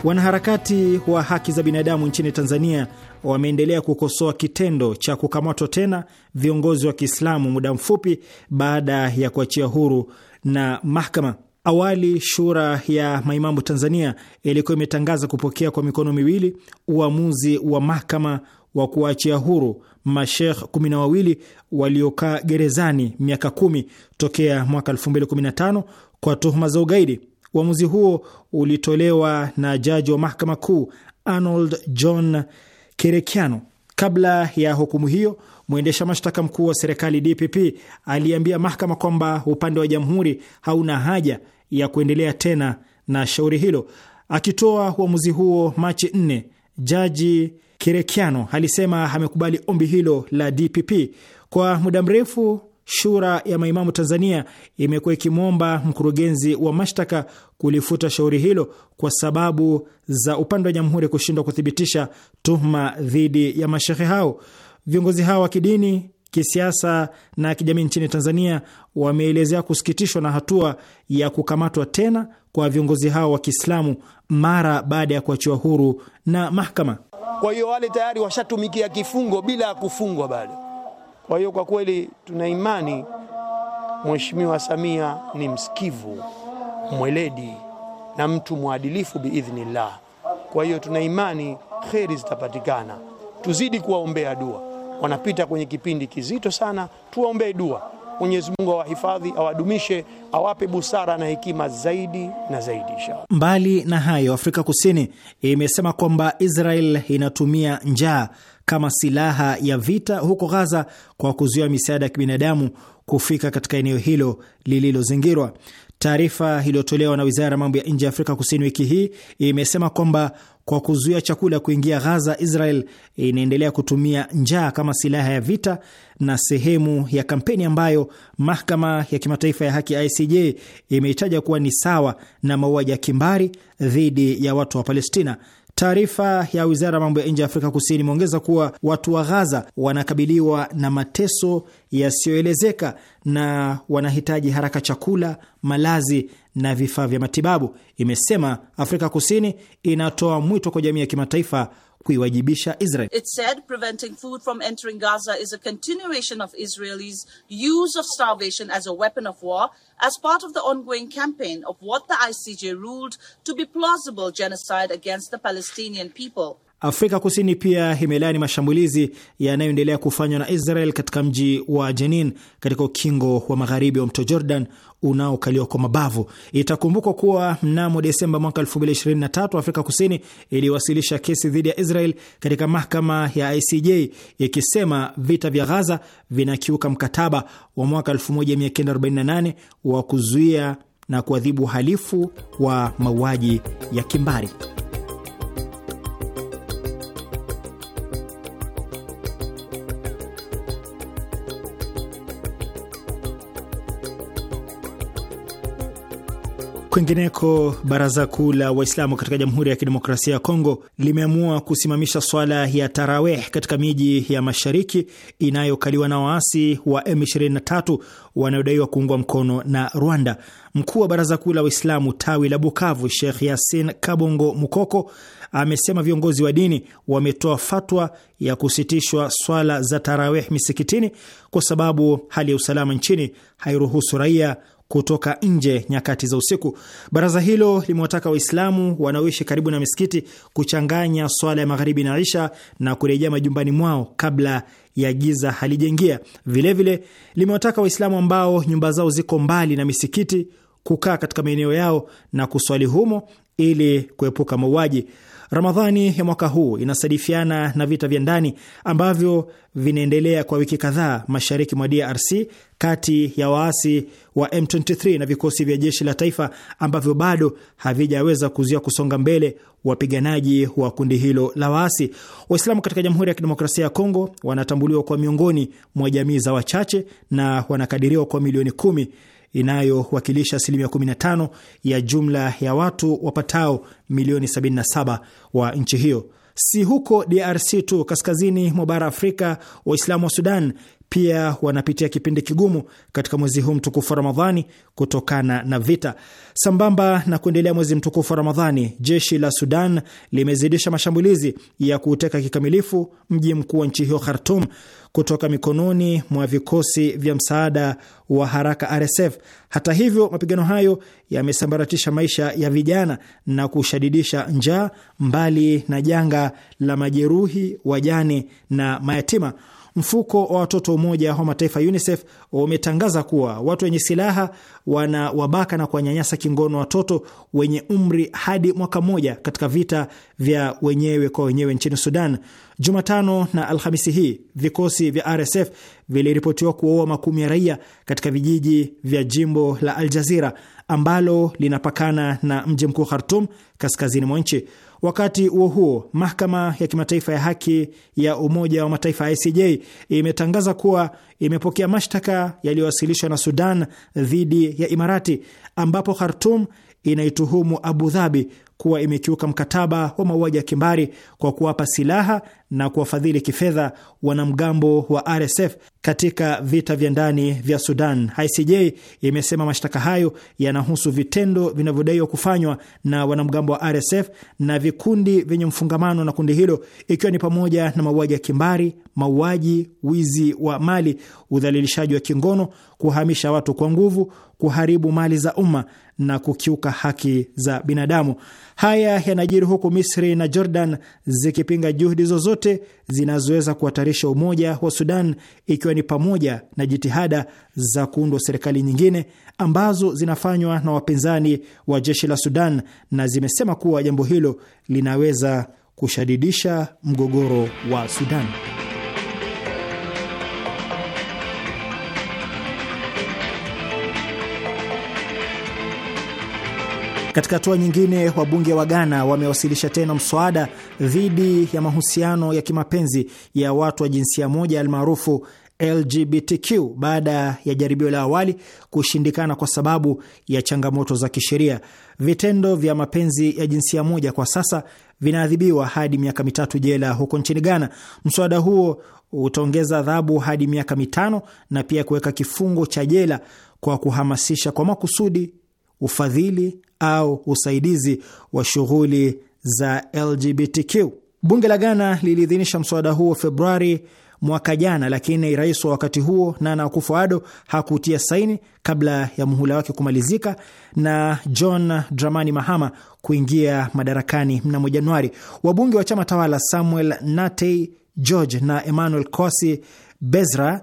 Wanaharakati wa haki za binadamu nchini Tanzania wameendelea kukosoa kitendo cha kukamatwa tena viongozi wa Kiislamu muda mfupi baada ya kuachia huru na mahakama. Awali shura ya maimamu Tanzania ilikuwa imetangaza kupokea kwa mikono miwili uamuzi wa mahakama wa kuwaachia huru mashekh kumi na wawili waliokaa gerezani miaka kumi tokea mwaka 2015 kwa tuhuma za ugaidi. Uamuzi huo ulitolewa na jaji wa mahakama kuu Arnold John Kerekiano. Kabla ya hukumu hiyo, mwendesha mashtaka mkuu wa serikali DPP aliambia mahakama kwamba upande wa jamhuri hauna haja ya kuendelea tena na shauri hilo. Akitoa uamuzi huo Machi 4, Jaji kirekiano alisema amekubali ombi hilo la DPP. Kwa muda mrefu Shura ya Maimamu Tanzania imekuwa ikimwomba mkurugenzi wa mashtaka kulifuta shauri hilo kwa sababu za upande wa jamhuri kushindwa kuthibitisha tuhuma dhidi ya mashehe hao. Viongozi hao wa kidini kisiasa na kijamii nchini Tanzania wameelezea kusikitishwa na hatua ya kukamatwa tena kwa viongozi hao wa Kiislamu mara baada ya kuachiwa huru na mahakama. Kwa hiyo wale tayari washatumikia kifungo bila ya kufungwa bado. Kwa hiyo kwa kweli tuna imani Mheshimiwa Samia ni msikivu, mweledi na mtu mwadilifu biidhnillah. Kwa hiyo tuna imani kheri zitapatikana, tuzidi kuwaombea dua wanapita kwenye kipindi kizito sana. Tuwaombee dua, Mwenyezi Mungu awahifadhi, awadumishe, awape busara na hekima zaidi na zaidi, inshallah. Mbali na hayo, Afrika Kusini imesema kwamba Israel inatumia njaa kama silaha ya vita huko Gaza kwa kuzuia misaada ya kibinadamu kufika katika eneo hilo lililozingirwa. Taarifa iliyotolewa na wizara ya mambo ya nje ya Afrika Kusini wiki hii imesema kwamba kwa kuzuia chakula kuingia Ghaza, Israel inaendelea kutumia njaa kama silaha ya vita na sehemu ya kampeni ambayo mahakama ya kimataifa ya haki ICJ imehitaja kuwa ni sawa na mauaji ya kimbari dhidi ya watu wa Palestina. Taarifa ya wizara ya mambo ya nje ya Afrika Kusini imeongeza kuwa watu wa Ghaza wanakabiliwa na mateso yasiyoelezeka na wanahitaji haraka chakula, malazi na vifaa vya matibabu. Imesema Afrika Kusini inatoa mwito kwa jamii ya kimataifa kuiwajibisha Israel. It said preventing food from entering Gaza is a continuation of Israelis' use of starvation as a weapon of war as part of the ongoing campaign of what the ICJ ruled to be plausible genocide against the Palestinian people. Afrika Kusini pia imelaani mashambulizi yanayoendelea kufanywa na Israel katika mji wa Jenin katika ukingo wa magharibi wa mto Jordan unaokaliwa kwa mabavu. Itakumbukwa kuwa mnamo Desemba mwaka 2023 Afrika Kusini iliwasilisha kesi dhidi ya Israel katika mahakama ya ICJ ikisema vita vya Ghaza vinakiuka mkataba wa mwaka 1948 wa kuzuia na kuadhibu uhalifu wa mauaji ya kimbari. Kwingineko, baraza kuu la Waislamu katika Jamhuri ya Kidemokrasia ya Kongo limeamua kusimamisha swala ya taraweh katika miji ya mashariki inayokaliwa na waasi wa M23 wanaodaiwa kuungwa mkono na Rwanda. Mkuu wa baraza kuu la Waislamu tawi la Bukavu, Sheikh Yasin Kabongo Mukoko, amesema viongozi wa dini wametoa fatwa ya kusitishwa swala za taraweh misikitini kwa sababu hali ya usalama nchini hairuhusu raia kutoka nje nyakati za usiku. Baraza hilo limewataka Waislamu wanaoishi karibu na misikiti kuchanganya swala ya magharibi na isha na kurejea majumbani mwao kabla ya giza halijaingia. Vilevile limewataka Waislamu ambao nyumba zao ziko mbali na misikiti kukaa katika maeneo yao na kuswali humo ili kuepuka mauaji. Ramadhani ya mwaka huu inasadifiana na vita vya ndani ambavyo vinaendelea kwa wiki kadhaa mashariki mwa DRC kati ya waasi wa M23 na vikosi vya jeshi la taifa ambavyo bado havijaweza kuzuia kusonga mbele wapiganaji wa kundi hilo la waasi. Waislamu katika Jamhuri ya Kidemokrasia ya Kongo wanatambuliwa kwa miongoni mwa jamii za wachache na wanakadiriwa kwa milioni kumi inayowakilisha asilimia 15 ya jumla ya watu wapatao milioni 77 wa nchi hiyo. Si huko DRC tu, kaskazini mwa bara Afrika, Waislamu wa Sudan pia wanapitia kipindi kigumu katika mwezi huu mtukufu wa Ramadhani kutokana na vita. Sambamba na kuendelea mwezi mtukufu wa Ramadhani, jeshi la Sudan limezidisha mashambulizi ya kuuteka kikamilifu mji mkuu wa nchi hiyo Khartum kutoka mikononi mwa vikosi vya msaada wa haraka RSF. Hata hivyo, mapigano hayo yamesambaratisha maisha ya vijana na kushadidisha njaa, mbali na janga la majeruhi, wajane na mayatima. Mfuko wa watoto Umoja wa Mataifa UNICEF umetangaza kuwa watu wenye silaha wana wabaka na kuwanyanyasa kingono watoto wenye umri hadi mwaka mmoja katika vita vya wenyewe kwa wenyewe nchini Sudan. Jumatano na Alhamisi hii vikosi vya RSF viliripotiwa kuwaua makumi ya raia katika vijiji vya jimbo la Al Jazira ambalo linapakana na mji mkuu Khartum kaskazini mwa nchi. Wakati huo huo, mahakama ya kimataifa ya haki ya Umoja wa Mataifa ICJ imetangaza kuwa imepokea mashtaka yaliyowasilishwa na Sudan dhidi ya Imarati, ambapo Khartum inaituhumu Abu Dhabi kuwa imekiuka mkataba wa mauaji ya kimbari kwa kuwapa silaha na kuwafadhili kifedha wanamgambo wa RSF katika vita vya ndani vya Sudan. ICJ imesema mashtaka hayo yanahusu vitendo vinavyodaiwa kufanywa na wanamgambo wa RSF na vikundi vyenye mfungamano na kundi hilo, ikiwa ni pamoja na mauaji ya kimbari, mauaji, wizi wa mali, udhalilishaji wa kingono, kuhamisha watu kwa nguvu, kuharibu mali za umma na kukiuka haki za binadamu. Haya yanajiri huku Misri na Jordan zikipinga juhudi zozote zinazoweza kuhatarisha umoja wa Sudan, ikiwa ni pamoja na jitihada za kuundwa serikali nyingine ambazo zinafanywa na wapinzani wa jeshi la Sudan, na zimesema kuwa jambo hilo linaweza kushadidisha mgogoro wa Sudan. Katika hatua nyingine, wabunge wa Ghana wamewasilisha tena mswada dhidi ya mahusiano ya kimapenzi ya watu wa jinsia moja almaarufu LGBTQ baada ya jaribio la awali kushindikana kwa sababu ya changamoto za kisheria. Vitendo vya mapenzi ya jinsia moja kwa sasa vinaadhibiwa hadi miaka mitatu jela huko nchini Ghana. Mswada huo utaongeza adhabu hadi miaka mitano na pia kuweka kifungo cha jela kwa kuhamasisha kwa makusudi, ufadhili au usaidizi wa shughuli za LGBTQ. Bunge la Ghana liliidhinisha mswada huo Februari mwaka jana, lakini rais wa wakati huo Nana Akufo-Addo hakutia saini kabla ya muhula wake kumalizika na John Dramani Mahama kuingia madarakani mnamo Januari. Wabunge wa chama tawala Samuel Natey George na Emmanuel Kosi Bezra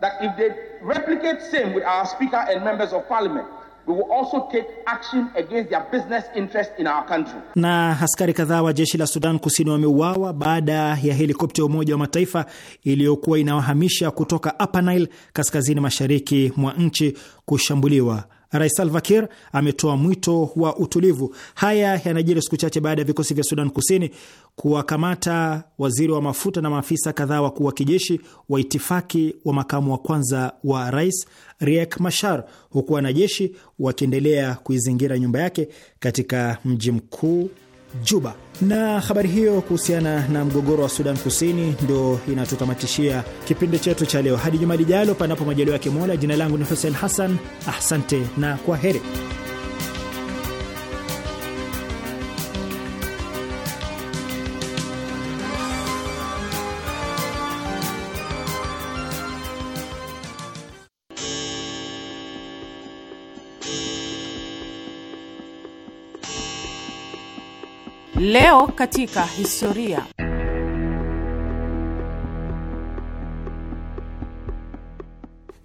that if they replicate same with our speaker and members of parliament We will also take action against their business interest in our country. Na askari kadhaa wa jeshi la Sudan Kusini wameuawa baada ya helikopta ya Umoja wa Mataifa iliyokuwa inawahamisha kutoka Upper Nile kaskazini mashariki mwa nchi kushambuliwa Rais Salva Kiir ametoa mwito wa utulivu. Haya yanajiri siku chache baada ya vikosi vya Sudan Kusini kuwakamata waziri wa mafuta na maafisa kadhaa wakuu wa kijeshi wa itifaki wa makamu wa kwanza wa rais Riek Machar, huku wanajeshi wakiendelea kuizingira nyumba yake katika mji mkuu Juba. Na habari hiyo kuhusiana na mgogoro wa Sudan Kusini ndo inatutamatishia kipindi chetu cha leo. Hadi juma lijalo, panapo majaliwa ya Mola. Jina langu ni Hussein Hassan, asante na kwa heri. Leo katika historia.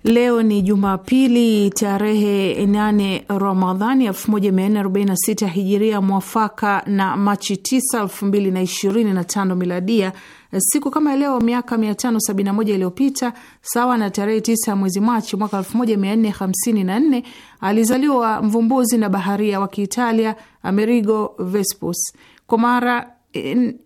Leo ni Jumapili tarehe 8 Ramadhani 1446 hijiria mwafaka na Machi 9, 2025 miladia. Siku kama leo miaka 571 iliyopita, sawa na tarehe 9 mwezi Machi mwaka 1454, alizaliwa mvumbuzi na baharia wa Kiitalia Amerigo Vespucci. Kwa mara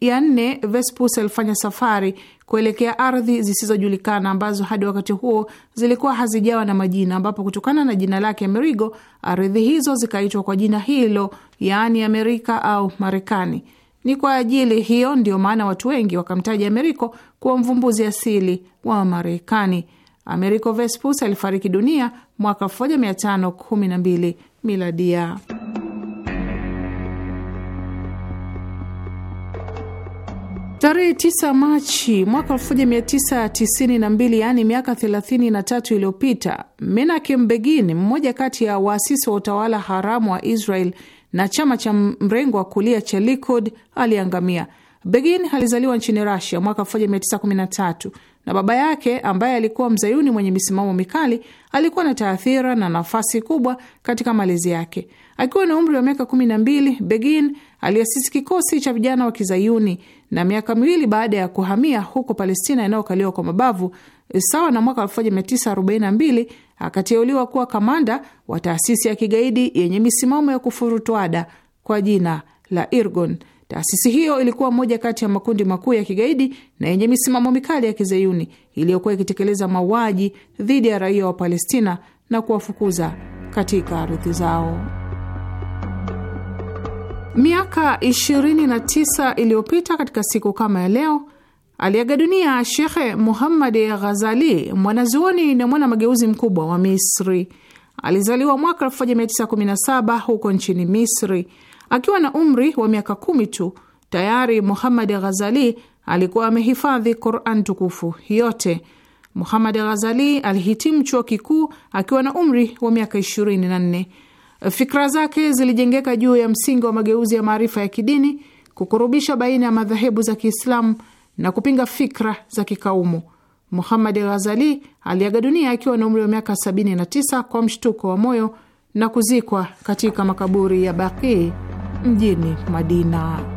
ya nne Vespus alifanya safari kuelekea ardhi zisizojulikana ambazo hadi wakati huo zilikuwa hazijawa na majina, ambapo kutokana na jina lake Amerigo ardhi hizo zikaitwa kwa jina hilo, yaani Amerika au Marekani. Ni kwa ajili hiyo ndio maana watu wengi wakamtaja Ameriko kuwa mvumbuzi asili wa Marekani. Ameriko Vespus alifariki dunia mwaka 1512 miladia. Tarehe 9 Machi mwaka 1992, yaani miaka 33 iliyopita, Menachem Begin, mmoja kati ya waasisi wa utawala haramu wa Israel na chama cha mrengo wa kulia cha Likud, aliangamia. Begin alizaliwa nchini Russia mwaka 1913 na baba yake ambaye alikuwa mzayuni mwenye misimamo mikali alikuwa na taathira na nafasi kubwa katika malezi yake. Akiwa na umri wa miaka 12, Begin aliasisi kikosi cha vijana wa kizayuni na miaka miwili baada ya kuhamia huko Palestina inayokaliwa kwa mabavu sawa na mwaka 1942 akateuliwa kuwa kamanda wa taasisi ya kigaidi yenye misimamo ya kufurutwada kwa jina la Irgon. Taasisi hiyo ilikuwa moja kati ya makundi makuu ya kigaidi na yenye misimamo mikali ya kizayuni iliyokuwa ikitekeleza mauaji dhidi ya raia wa Palestina na kuwafukuza katika ardhi zao. Miaka 29 iliyopita katika siku kama ya leo aliaga dunia Shekhe Muhammad Ghazali, mwanazuoni na mwana mageuzi mkubwa wa Misri. Alizaliwa mwaka 1917 huko nchini Misri. Akiwa na umri wa miaka kumi tu tayari Muhammad Ghazali alikuwa amehifadhi Quran tukufu yote. Muhammad Ghazali alihitimu chuo kikuu akiwa na umri wa miaka 24. Fikra zake zilijengeka juu ya msingi wa mageuzi ya maarifa ya kidini, kukurubisha baina ya madhehebu za Kiislamu na kupinga fikra za kikaumu. Muhammad Ghazali aliaga dunia akiwa na umri wa miaka 79 kwa mshtuko wa moyo na kuzikwa katika makaburi ya Baqi mjini Madina.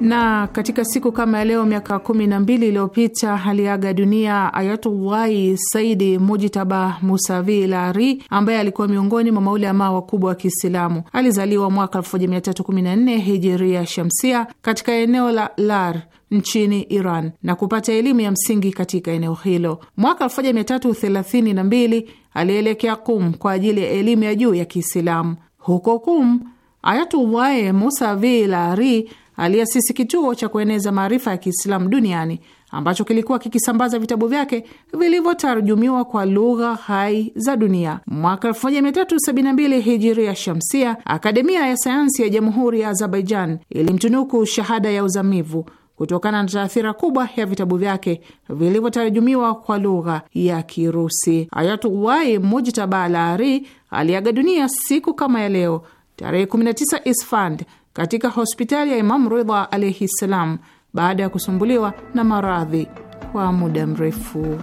Na katika siku kama ya leo miaka kumi na mbili iliyopita aliaga dunia Ayatullahi Saidi Mujitaba Musavi Lari, ambaye alikuwa miongoni mwa maulamaa wakubwa wa Kiislamu. Alizaliwa mwaka 1314 hijiria shamsia katika eneo la Lar nchini Iran na kupata elimu ya msingi katika eneo hilo. Mwaka 1332 alielekea Kum kwa ajili ya elimu ya juu ya Kiislamu. Huko Kum, Ayatullahi Musavi Lari aliasisi kituo cha kueneza maarifa ya Kiislamu duniani ambacho kilikuwa kikisambaza vitabu vyake vilivyotarjumiwa kwa lugha hai za dunia. Mwaka 1372 hijiria shamsia, akademia ya sayansi ya jamhuri ya Azerbaijan ilimtunuku shahada ya uzamivu kutokana na taathira kubwa ya vitabu vyake vilivyotarajumiwa kwa lugha ya Kirusi. Ayatullahi Mujtaba aliaga dunia siku kama ya leo tarehe 19 Isfand katika hospitali ya Imamu Ridha alaihi ssalam baada ya kusumbuliwa na maradhi kwa muda mrefu.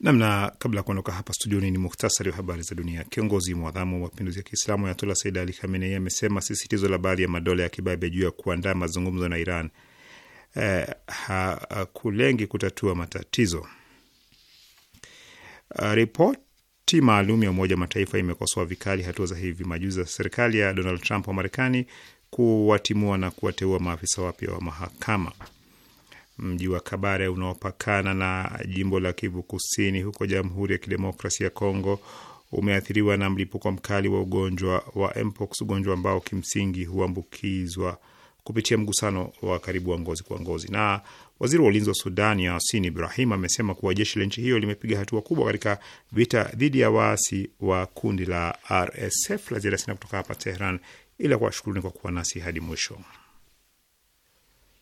Namna kabla ya kuondoka hapa studioni, ni muhtasari wa habari za dunia. Kiongozi mwadhamu wa mapinduzi ya Kiislamu Ayatollah Said Ali Khamenei amesema sisitizo la baadhi ya madola ya kibabe juu ya kuandaa mazungumzo na Iran eh, hakulengi kutatua matatizo. Uh, Kamati maalum ya Umoja Mataifa imekosoa vikali hatua za hivi majuzi za serikali ya Donald Trump wa Marekani kuwatimua na kuwateua maafisa wapya wa mahakama. Mji wa Kabare unaopakana na jimbo la Kivu Kusini huko Jamhuri ya Kidemokrasia ya Kongo umeathiriwa na mlipuko mkali wa ugonjwa wa mpox, ugonjwa ambao kimsingi huambukizwa kupitia mgusano wa karibu wa ngozi kwa ngozi. Na Waziri wa ulinzi wa Sudan Yasin Ibrahim amesema kuwa jeshi la nchi hiyo limepiga hatua kubwa katika vita dhidi ya waasi wa kundi la RSF la ziarasina kutoka hapa Tehran, ila kuwashukuruni kwa kuwa nasi hadi mwisho